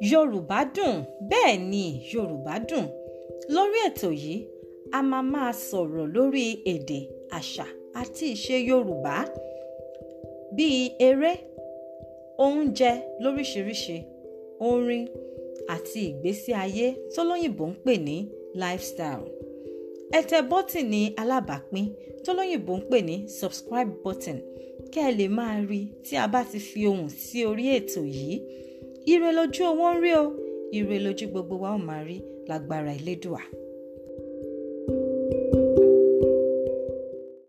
Yorùbá dùn bẹ́ẹ̀ ni Yorùbá dùn lórí ètò yìí a máa máa sọ̀rọ̀ lórí èdè àṣà àti ìṣe Yorùbá bíi eré oúnjẹ lóríṣiríṣi orin àti ìgbésí ayé tólóyìnbó ń pè ní lifestyle ẹ tẹ bọ́tìnì alábàápín tólóyìnbó ń pè ní subscribe button kẹ́ ẹ lè máa rí tí a bá ti fi ohùn sí orí ètò yìí ire lójú owó ń rí o ire lójú gbogbo wa ó máa rí lágbára elédùà.